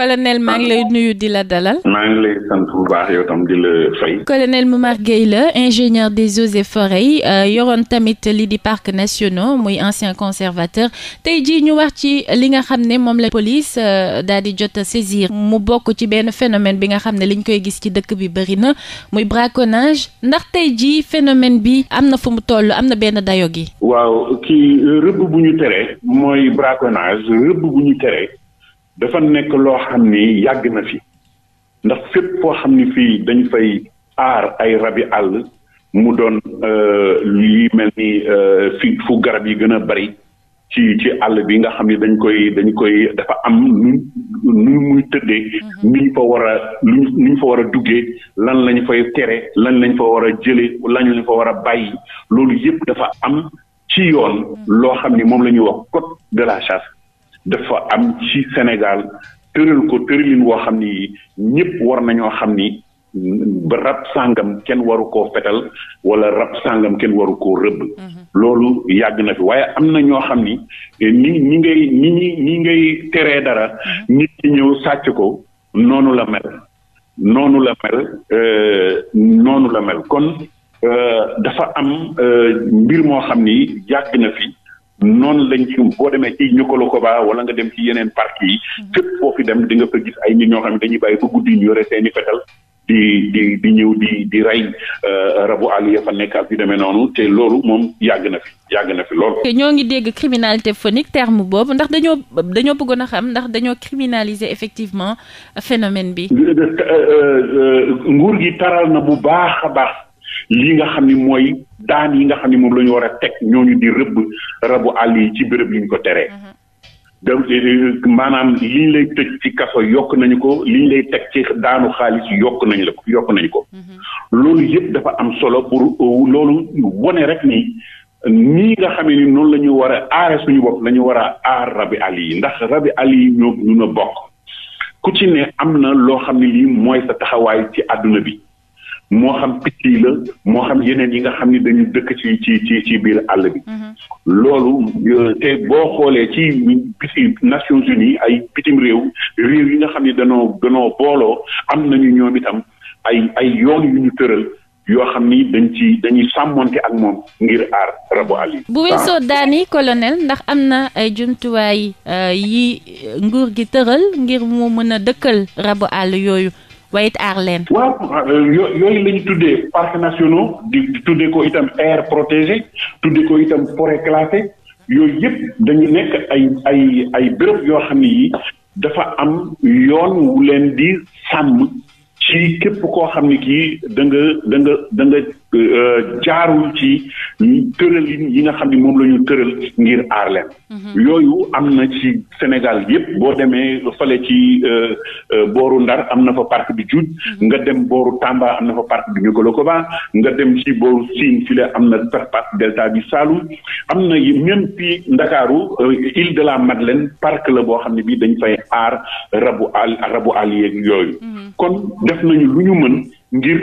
colonel maa ngi lay nuyu di la dalal. maa ngi lay sant bu baax yow tam di la fay. colonel Momar Gueye la ingénieur des eaux et yi euh, yoroon tamit li di parc nationaux muy ancien conservateur tey jii ñu wax ci li nga xam ne moom la police euh, daal di jot a saisir mu bokk ci benn phénomène bi nga xam ne liñ koy gis ci dëkk bi bëri na muy braconnage ndax tey jii phénomène bi am na fu mu toll am na benn dayo gi. waaw kii rëbb bu ñu tere mooy braconnage rëbb bu ñu tere. dafa nekk loo xam ni yàgg na fi ndax fépp foo xam ni fii dañ fay aar ay rabi àll mu doon li euh, mel ni euh, fi fu garab yi gën a bari ci ci àll bi nga xam ni dañ koy dañ koy dafa am nu nu muy tëddee mhm. ni fa war a luñ ni fa war a duggee lan lañ fay tere lan lañ fa war a jëlee lan lañ fa war a bàyyi loolu yépp dafa am ci yoon mhm. loo xam ni moom la ñuy wax code de la chasse dafa am ci Sénégal tëral ko tëralin woo xam ni ñëpp war nañoo xam ni ba rab sàngam kenn waru ko fetal wala rab sàngam kenn waru koo rëbb. loolu yàgg na fi waaye am na ñoo xam ni eh, ni ñi ngay ni ñi ngay teree dara nit ki ñëw sàcc ko noonu noonu la mel noonu la mel eh, kon eh, dafa am mbir moo xam ni yàgg na fi. lañ ci boo demee ci ko koba wala nga dem ci yeneen parc yi mm-hmm. fépp foo fi dem di nga fa gis ay nit ñoo xam ne dañuy bàyyi ba guddi ñu yore seeni fetal di di di ñëw di di rey euh, rabu àll ya fa nekk ak yu demee noonu te loolu moom yàgg na fi yàgg na fi lool te ñoo ngi dégg criminalité phonique terme boobu ndax dañoo dañoo bëggoon a xam ndax dañoo criminaliser effectivement phénomène bi. Euh, euh, nguur gi taral na bu baax a baax li nga xam ni mooy daan yi nga xam ne moom lañu ñu war a teg ñooñu di rëbb rabu àll yi ci béréb yi ko teree. Mm-hmm. donc euh, euh, maanaam li ñu lay tëj ci kaso yokk nañu ko liñ lay teg ci daanu xaalis yokk nañ la ko yokk nañu ko. Mm-hmm. loolu yëpp dafa am solo pour euh, loolu wone rek ni nii nga xamee ni noonu la ñu war a aare suñu bopp lañu ñu war a aar rabi àll yi ndax rabi àll yi ñoo ñu na bokk ku ci ne am na loo xam ne lii mooy sa taxawaay ci àdduna bi. moo xam picc yi la moo xam yeneen yi nga xam ni dañu dëkk ci ci ci biir àll bi. Mhm. loolu euh, te boo xoolee ci biti Nations Unies ay bitim réew réew yi nga xam ni danoo dañoo booloo am nañu ñoom itam ay ay yoon yu ñu tëral. yoo xam ni dañ ci dañuy sàmmonte ak moom ngir aar rabu àll yi. bu weesoo daani colonel ndax am na ay jumtuwaay euh, yi nguur gi tëral ngir mu mën a dëkkal rabu àll yooyu waaye it aar waaw euh, yooyu la ñu tuddee parcs nationaux di tuddee ko itam air protégé tuddee ko itam forêt classée yooyu yëpp dañu nekk ay ay ay béréb yoo xam ne yi dafa am yoon wu leen di sàmm ci képp koo xam ne kii da nga da nga Euh, jaarul ci tëralin yi nga xam ne moom la ñu tëral ngir aar mhm. yooyu am na ci Sénégal yëpp boo demee fale ci euh, euh, booru Ndar am na fa parc bi Djoudj. Mhm. nga dem booru Tamba am na fa parc bi Niokolo-Koba nga dem ci booru Sine file am na parc delta bi Saloum am na même fii Ndakaaru île de la Madeleine parc la boo xam ne bii dañ fay aar rabu àll rabu àll yeeg yooyu. Mhm. kon def nañu lu ñu mën ngir.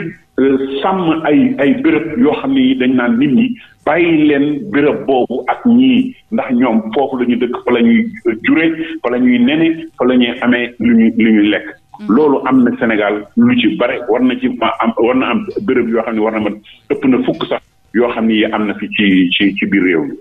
sàmm ay ay béréb yoo xam ne dañ naan nit ñi bàyyi leen béréb boobu ak ñii ndax ñoom foofu la ñu dëkk fa la ñuy euh, jure fa la ñuy nene fa la amee lu ñu lu ñuy lekk. Mm. loolu am na Sénégal lu ci bare war na ci ma am war na am béréb yoo xam ne war na mën ëpp na fukk sax. yoo xam ne ni am na fi ci ci biir réew mi.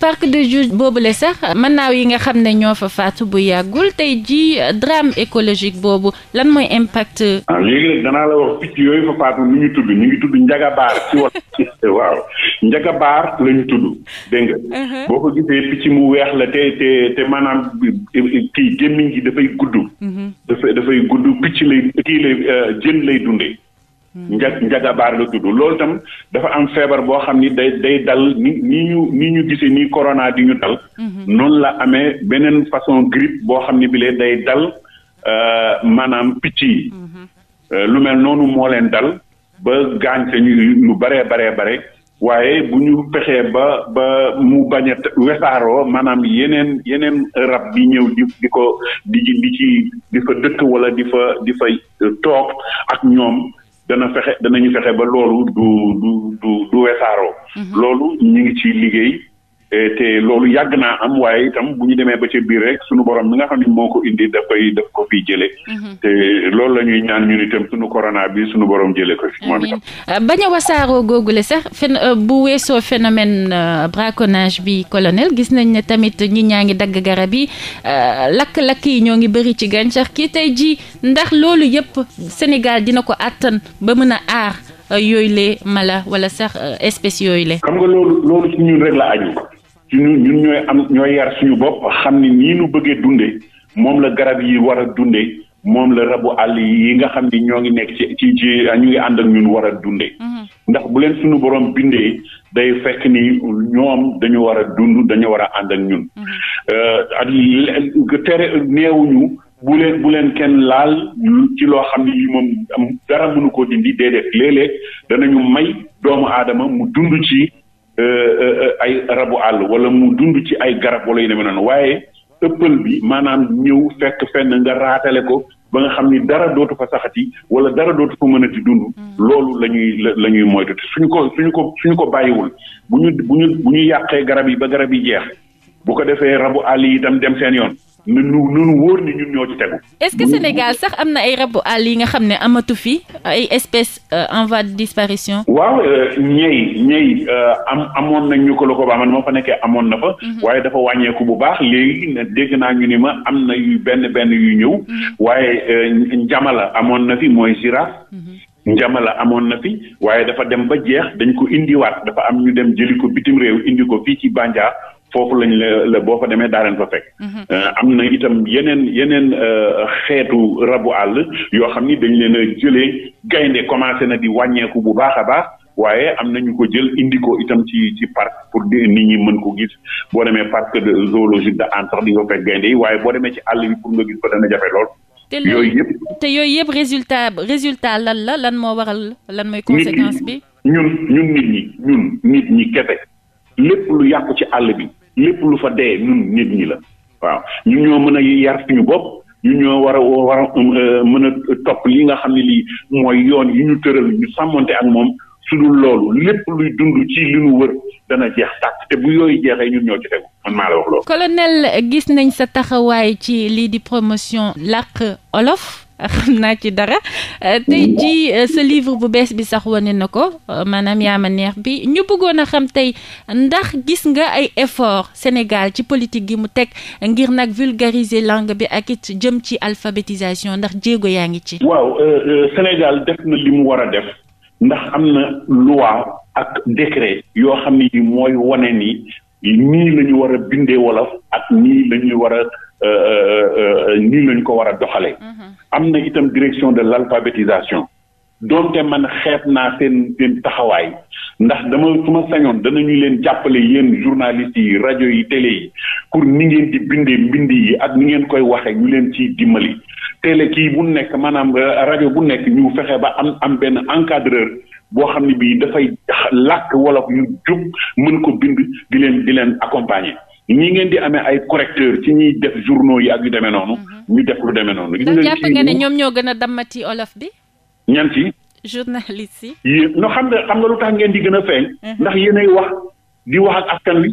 parc de Djoudj boobule sax manaaw yi nga xam ne ñoo fa faatu bu yàggul tey ji drame écologique boobu lan mooy impact. ah danaa la wax picc yooyu fa faatu ni ñu tudd ñu ngi tudd njagabaar ci wax waaw njagabaar la ñu tudd dégg nga. Uh-huh. boo ko gisee picc mu weex la te te te maanaam kii gémmiñ gi dafay gudd. Mm-hmm. dafay dafay gudd picc lay kii lay euh, jën lay dundee. njag njagabaar la tudd loolu tam dafa am feebar boo xam ni day day dal ni ni ñu ni ñu gisee nii corona di ñu dal. Mhm. noonu la amee beneen façon grippe boo xam ni bile day dal euh, maanaam picc yi. Mhm. Euh, lu mel noonu moo leen dal ba gaañ sañu lu baree baree bare waaye bu ñu pexee ba ba mu bañ a wesaaroo maanaam yeneen yeneen rab bi ñëw di di ko di di ci di fa dëkk wala di fa di fa toog ak ñoom. dana fexe danañu fexe ba loolu du du du du wesaaroo. Mhm. loolu ñu ngi ci liggéey Eh, te loolu yàgg naa am waaye itam bu ñu demee ba ca biir rek sunu borom mi nga xam ne moo ko indi daf koy daf ko fiy jëlee. Mhm. te loolu la ñuy ñaan ñun itam sunu corona bi sunu borom jëlee ko fi. moom itam eh, bañ a wasaaroo googule sax fen eh, bu weesoo phénomène braconnage bi colonel gis nañ ne tamit ñi ñaa ngi dagg garab yi lakk-lakk yi ñoo ngi bëri ci gàncax ki tey jii ndax loolu yëpp Sénégal dina ko àttan ba mën a aar yooyu le mala wala sax espèce yooyu le. xam nga ci ñun ñooy am ñooy yar suñu bopp xam ni nii nu bëggee dundee moom la garab yi war a dundee moom la rabu àll yi nga xam ni ñoo ngi nekk ci ci ñu ngi ànd ak ñun war a dundee. Mm-hmm. ndax bu leen suñu borom bindee day fekk ni ñoom dañu war a dund dañu war a ànd ak ñun. Mm-hmm. Euh, tere neewuñu bu leen bu leen kenn laal ci loo xam ne yi moom dara mënu ko dindi déedéet léeg-léeg danañu may doomu aadama mu dund ci. Euh, euh, euh, ay rabu àll wala mu dund ci ay garab wala yu demee noonu waaye ëppal bi maanaam ñëw fekk fenn nga raatale ko ba nga xam ni dara dootu fa saxati wala dara dootu fa mën a di dund mm. loolu la ñuy la ñuy moytu suñu ko suñu ko suñu ko bàyyiwul bu ñu bu ñu bu ñu yàqee garab yi ba garab yi jeex bu ko defee rabu àll yi itam dem seen yoon na nu na ñu wóor ni ñun ñoo ci tegu. est-ce que Sénégal sax am na ay rabu àll yi nga xam ne amatu fi ay espèces euh, en voie de disparition. waaw euh, ñey ñey euh, am amoon nañ ñu ko la ko baax man ma fa nekkee amoon na fa. Mhm. waaye dafa wàññeeku bu baax léegi dégg naa ñu ni ma am na yu benn benn yu ñëw. Mhm. waaye njamala amoon na fi mooy girafe. Mhm. njamala amoon na fi waaye dafa dem ba jeex dañ ko indiwaat dafa am ñu dem jëli ko bitim réew indi ko fii ci Bandia foofu lañu la la boo fa demee daareen fa fekk. Mhm. Euh, am na itam yeneen yeneen euh, xeetu rabu àll yoo xam ni dañ leen a jëlee gaynde commencé na di wàññeeku bu baax a baax waaye am na ñu ko jël indi ko itam ci ci parc pour nit ñi mën ko gis boo demee parc de zoologique de Hann sax di nga fekk gaynde yi waaye boo demee ci àll bi pour nga gis ko dana jafe lool. yooyu yëpp te yooyu yëpp résultat résultat lan la lan moo waral lan mooy conséquence bi. ñun ñun nit ñi ñun nit ñi kese lépp lu yàqu ci àll bi. lépp lu fa dee ñun nit ñi la waaw ñun ñoo mën a yar suñu bopp ñun ñoo war a war a euh, mën a topp li nga xam ne lii mooy yoon yi ñu tëral ñu sàmmante ak moom su dul loolu lépp luy dund ci li nu wër dana jeex tàkk te bu yooyu jeexee ñun ñoo ci tegu man maa la wax loolu. colonel gis nañ sa taxawaay ci lii di promotion làkk olof. xam naa ci dara euh, tey jii euh, sa livre bu bees bi sax wane na ko euh, maanaam yaa ma neex bi ñu bëggoon a xam tey ndax gis nga ay effort Sénégal ci politique gi mu teg ngir nag vulgariser langue bi ak it jëm ci alphabétisation ndax jéego yaa ngi ci. waaw Sénégal def na li mu war a def ndax am na loi ak décret yoo xam ne ni mooy wane ni nii la ñu war a bindee wolof ak nii la ñuy war a nii la ko war a doxalee. Mhm. am na itam direction de l'alphabétisation te man xeet naa seen seen taxawaay ndax dama su ma sañoon danañu leen jàppale yéen journalistes yi rajo yi télé yi pour ni ngeen di bindee mbind yi ak ni ngeen koy waxee ñu leen ci dimbali télé kii bu nekk maanaam euh, rajo bu nekk ñu fexe ba am am benn encadreur boo xam ne bii dafay làkk wolof yu jub mën ko bind di leen di leen accompagner ñi ngeen di amee ay correcteur ci ñuy def journaux yi ak yu demee noonu. Mhm. ñu def lu deme noonu. gis nga jàpp nga ne ñoom ñoo gën a dammati olof bi. ñan ci. journaliste yi. yéen no xam ne xam nga lu tax ngeen di gën a feeñ. Mhm. ndax yéenay wax di wax ak askan wi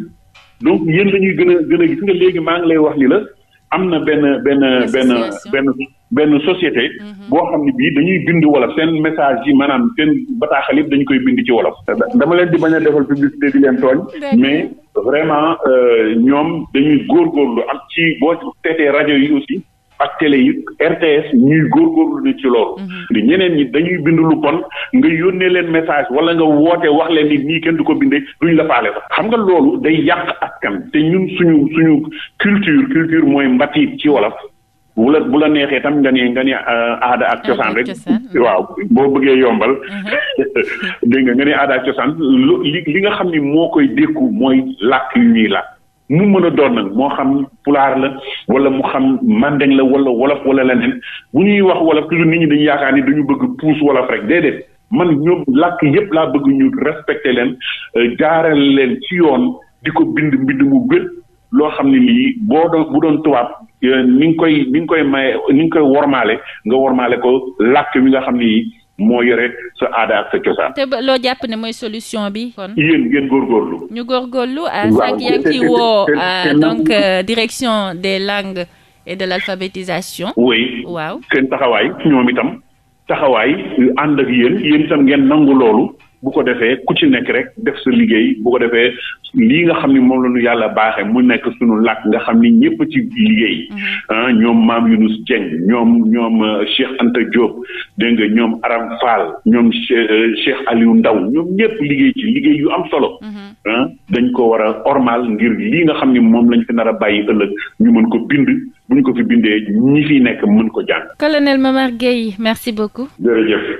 donc yéen la ñuy gën a gën a gis nga léegi maa ngi lay wax ni la am na benn benn benn benn benn société mhm. boo xam ne bii dañuy bind wolof seen messages yi maanaam seen bataaxal yëpp dañu koy bind ci wolof dama leen di bañ a defal publicité di leen tooñ mais vraiment euh, ñoom dañuy góor góorgóorlu am ci boo teetee rajo yi aussi ak télé yi RTS ñuy góorgóorlu di ci loolu. Mhm. ñeneen ñi dañuy bind lu bon nga yónnee leen message wala nga woote wax leen nit ñi kenn du ko bindee duñ la faale sax. xam nga loolu day yàq askan te ñun suñu suñu culture culture mooy mbatiit ci wolof. bu la bu la neexee tam nga ni nga euh, aada ak cosaan rek waaw boo bëggee yombal mhm. dégg nga nga ni aada ak cosaan li li nga xam ni moo koy dékku mooy làkk yu ñuy làkk mu mën a doon nag moo xam pulaar la wala mu xam mandeng la wala wolof wala leneen bu ñuy wax wolof toujours nit ñi dañu yaakaar ni dañu bëgg puus wolof rek déedéet man ñoom làkk yépp laa bëgg ñu respecté leen euh, jaaral leen ci yoon di ko bind mbind mu gën loo xam ne nii boo doon bu doon tubaab euh, ni nga koy ni nga koy maye ni nga koy wormaale nga wormaale ko làkk wi nga xam ne moo yore sa aada ak sa cosaan. te ba loo jàpp ne mooy solution bi kon. yéen ngeen góorgóorlu. ñu góorgóorlu ah. sànq yaa ngi ciy ah, donc euh, direction des langues et de l'alphabétisation. waaw seen taxawaay ñoom itam taxawaay ànd ak yéen yéen itam ngeen nangu loolu. bu ko defee ku ci nekk rek def sa liggéey bu ko defee lii nga xam ni moom la ñu yàlla baaxee mu nekk suñu làkk nga xam ni ñëpp ci liggéey mm-hmm. ah, ñoom maam Younouss Dieng ñoom ñoom euh, Cheikh Anta Diop dégg nga ñoom Aram Fall ñoom euh, Cheikh Aliou Ndaw ñoom ñëpp liggéey ci liggéey yu am solo mm-hmm. ah, dañ ko war a ormal ngir lii nga xam ni moom lañ fi nar a bàyyi ëllëg ñu mën ko bind buñ ko fi bindee ñi fi nekk mën ko jàng. Colonel Momar Gueye merci beaucoup. jërëjëf.